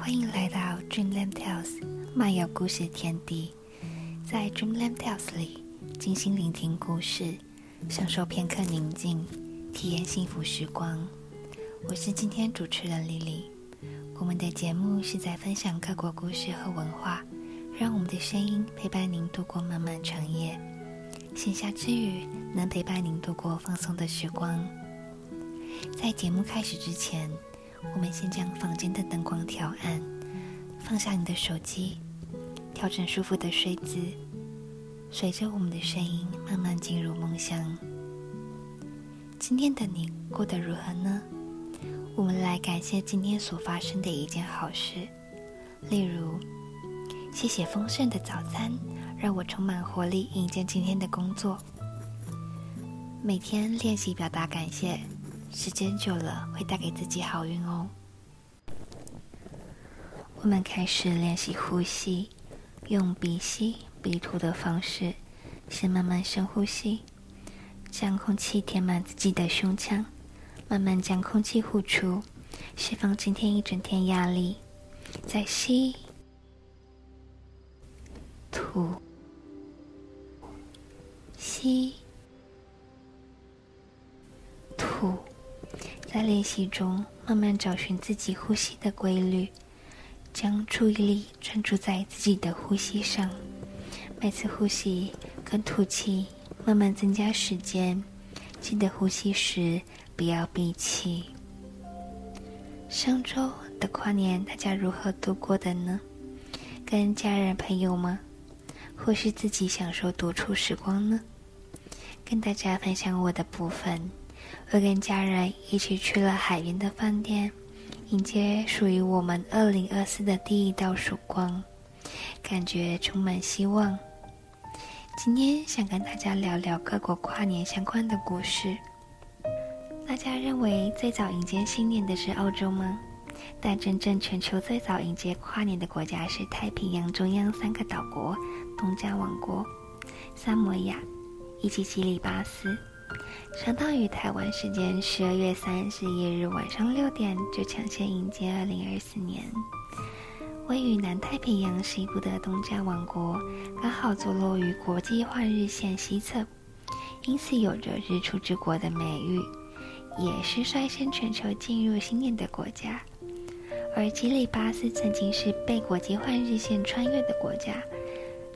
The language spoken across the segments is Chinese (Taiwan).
歡迎來到 Dreamland Tales 漫遊故事天地。在 Dreamland Tales 裡，靜心聆聽故事，享受片刻寧靜，體驗幸福時光。我是今天主持人麗麗。我們的節目是在分享各國故事和文化，讓我們的聲音陪伴您度過漫漫長夜。閒暇之餘，能陪伴您度過放鬆的時光。在節目開始之前。我們先將房間的燈光調暗，放下你的手機，調整舒服的睡姿，隨着我們的聲音慢慢進入夢鄉。今天的你過得如何呢？我們來感謝今天所發生的一件好事，例如，謝謝豐盛的早餐，讓我充滿活力迎接今天的工作。每天練習表達感謝。時間久了會帶給自己好運哦。我們開始練習呼吸，用鼻吸鼻吐的方式，先慢慢深呼吸，將空氣填滿自己的胸腔，慢慢將空氣呼出，釋放今天一整天壓力。再吸，吐，吸。在練習中，慢慢找尋自己呼吸的規律，將注意力專注在自己的呼吸上。每次呼吸跟吐氣，慢慢增加時間。記得呼吸時不要閉氣。上周的跨年，大家如何度過的呢？跟家人朋友嗎？或是自己享受獨處時光呢？跟大家分享我的部分。會跟家人一起去了海邊的飯店，迎接屬於我們二零二四的第一道曙光，感覺充滿希望。今天想跟大家聊聊各國跨年相關的故事。大家認為最早迎接新年的是澳洲嗎？但真正全球最早迎接跨年的國家是太平洋中央三個島國——東加王國、薩摩亞以及吉里巴斯。相當於台灣時間十二月三十一日晚上六點，就搶先迎接二零二四年。位於南太平洋西部的東加王國，剛好坐落於國際換日線西側，因此有着“日出之國”的美譽，也是率先全球進入新年的國家。而基里巴斯曾經是被國際換日線穿越的國家，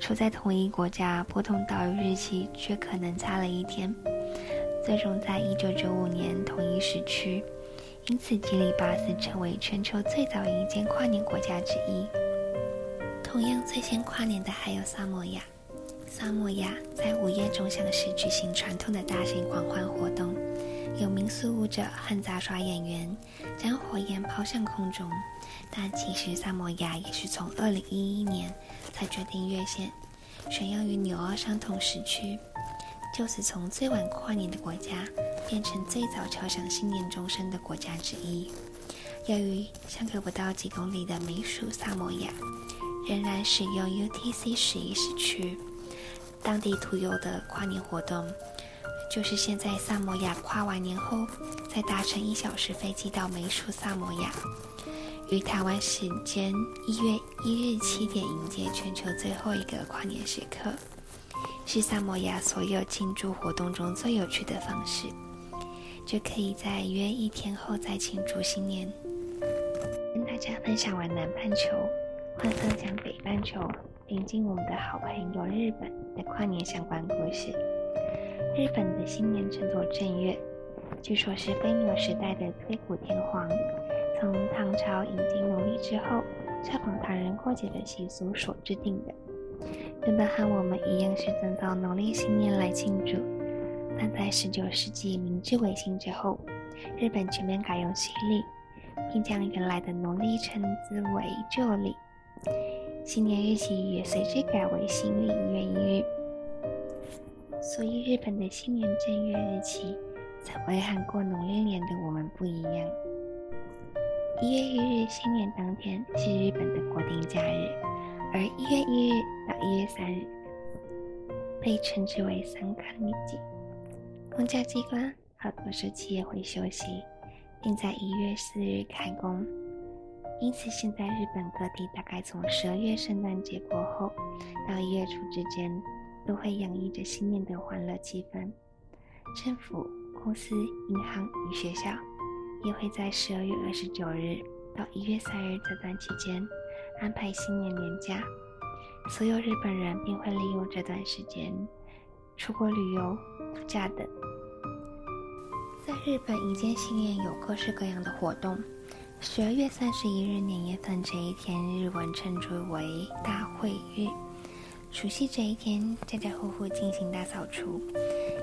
處在同一國家不同島嶼，日期卻可能差了一天。最終，在1995年統一時區，因此吉里巴斯成為全球最早迎接跨年國家之一。同樣最先跨年的還有薩摩亞。薩摩亞在午夜鐘響時舉行傳統的大型狂歡活動，有民俗舞者和雜耍演員將火焰拋向空中。但其實薩摩亞也是從2011年才決定越線，選用與紐澳上同時區。就是從最晚跨年的國家，變成最早敲響新年鐘聲的國家之一。由於相隔不到幾公里的美屬薩摩亞，仍然使用 UTC 十一時區，當地獨有的跨年活動，就是先在薩摩亞跨完年後，再搭乘一小時飛機到美屬薩摩亞，於台灣時間一月一日七點迎接全球最後一個跨年時刻。是薩摩亞所有慶祝活動中最有趣的方式，就可以在約一天後再慶祝新年。跟大家分享完南半球，換分享北半球，臨近我們的好朋友日本的跨年相關故事。日本的新年稱作正月，據說是飛鳥時代的推古天皇從唐朝引進農曆之後，效仿唐人過節的習俗所制定的。原本和我們一樣是等到農曆新年來慶祝，但在十九世紀明治維新之後，日本全面改用新曆，並將原來的農曆稱之為舊曆，新年日期也隨之改為新曆一月一日。所以日本的新年正月日期才會和過農曆年的我們不一樣。一月一日新年當天是日本的國定假日。1> 而1月1日到1月3日被稱之為“三卡秘境”，公家機關和多數企業會休息，並在1月4日開工。因此，現在日本各地大概從12月聖誕節過後到一月初之間，都會洋溢着新年的歡樂氣氛。政府、公司、銀行與學校也會在12月29日到1月3日這段期間，安排新年年假，所有日本人便會利用這段時間出國旅遊、度假等。在日本，迎接新年有各式各樣的活動。十二月三十一日年夜飯這一天，日文稱之為“大晦日”。除夕這一天，家家戶戶進行大掃除。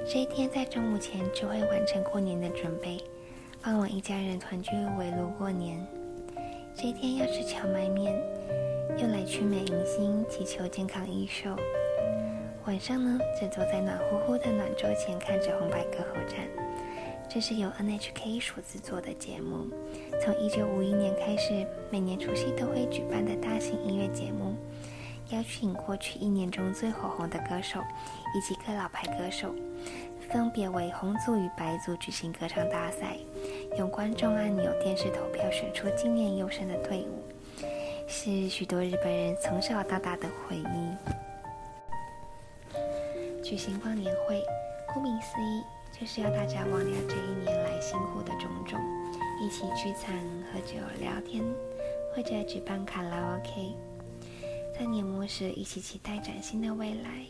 這一天在中午前就會完成過年的準備，傍晚一家人團聚圍爐過年。這天要吃蕎麥麵，又來驅霉迎新，祈求健康益壽。晚上呢，正坐在暖乎乎的暖桌前，看着紅白歌合戰，這是由 NHK 所製作的節目，從1951年開始，每年除夕都會舉辦的大型音樂節目，邀請過去一年中最火紅的歌手以及各老牌歌手，分別為紅組與白組舉行歌唱大賽。用觀眾按鈕電視投票選出今年優勝的隊伍，是許多日本人從小到大的回憶。舉行忘年會，顧名思義，就是要大家忘掉這一年來辛苦的種種，一起聚餐、喝酒、聊天，或者舉辦卡拉 OK，在年末時一起期待嶄新的未來。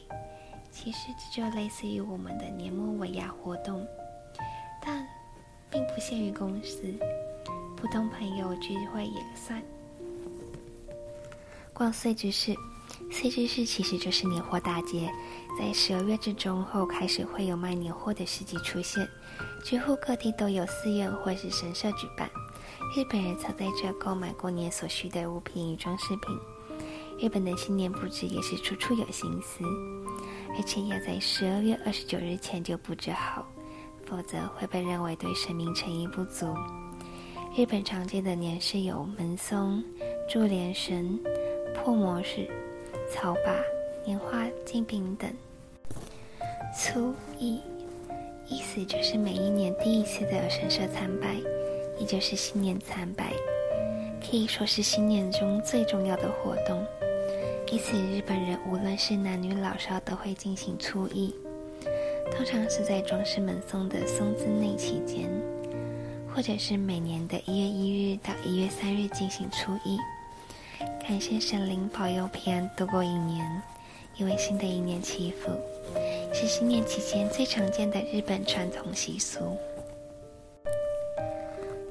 其實這就類似於我們的年末尾牙活動，但並不限於公司，普通朋友聚會也算。逛歲之市，歲之市其實就是年貨大街，在十二月至中後開始會有賣年貨的市集出現，幾乎各地都有寺院或是神社舉辦。日本人曾在這購買過年所需的物品與裝飾品。日本的新年布置也是處處有心思，而且要在十二月二十九日前就布置好。否則會被認為對神明誠意不足。日本常見的年飾有門松、注連繩、破魔矢、草把、年畫、鏡餅等。初詣，意思就是每一年第一次的神社參拜，也就是新年參拜，可以說是新年中最重要的活動。因此，日本人無論是男女老少都會進行初詣通常是在裝飾門松的松之內期間，或者是每年的一月一日到一月三日進行初一，感謝神靈保佑平安度過一年，因為新的一年祈福，是新年期間最常見的日本傳統習俗。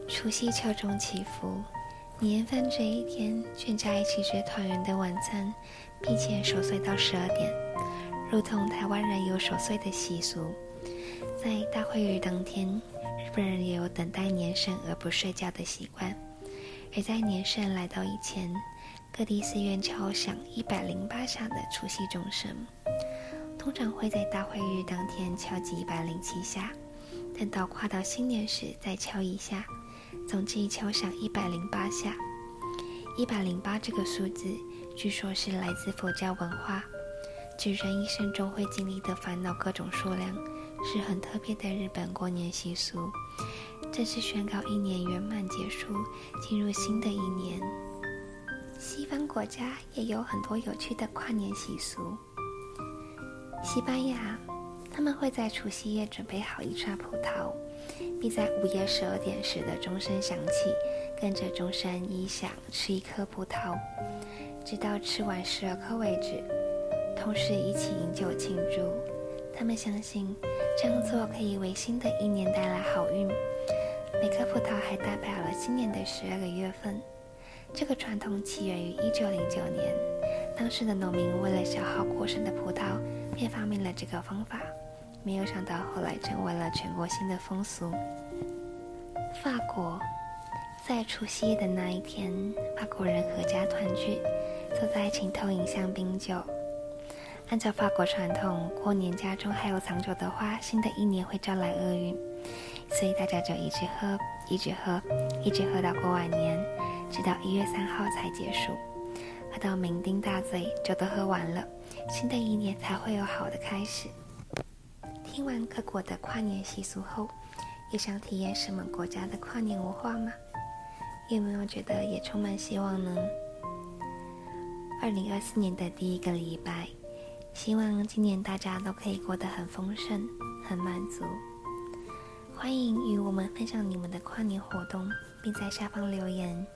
除夕敲鐘祈福，年飯這一天，全家一起吃團圓的晚餐，並且守歲到十二點。如同台灣人有守歲的習俗，在大晦日當天，日本人也有等待年神而不睡覺的習慣。而在年神來到以前，各地寺院敲響一百零八下的除夕鐘聲。通常會在大晦日當天敲擊一百零七下，等到跨到新年時再敲一下，總計敲響一百零八下。一百零八這個數字，據說是來自佛教文化。舉人一生中會經歷的煩惱各種數量，是很特別的日本過年習俗。正式宣告一年圓滿結束，進入新的一年。西方國家也有很多有趣的跨年習俗。西班牙，他們會在除夕夜準備好一串葡萄，並在午夜十二點時的鐘聲響起，跟着鐘聲一響吃一顆葡萄，直到吃完十二顆為止。同時一起飲酒慶祝，他們相信這樣做可以為新的一年帶來好運。每顆葡萄還代表了新年的十二個月份。這個傳統起源於一九零九年，當時的農民為了消耗過剩的葡萄，便發明了這個方法。沒有想到後來成為了全國性的風俗。法國在除夕夜的那一天，法國人合家團聚，坐在一起痛飲香檳酒。按照法國傳統，過年家中還有藏酒的話，新的一年會招來厄運，所以大家就一直喝，一直喝，一直喝到過完年，直到一月三號才結束，喝到酩酊大醉，酒都喝完了，新的一年才會有好的開始。聽完各國的跨年習俗後，也想體驗什麼國家的跨年文化嗎？有沒有覺得也充滿希望呢？二零二四年的第一個禮拜。希望今年大家都可以過得很豐盛、很滿足。歡迎與我們分享你們的跨年活動，並在下方留言。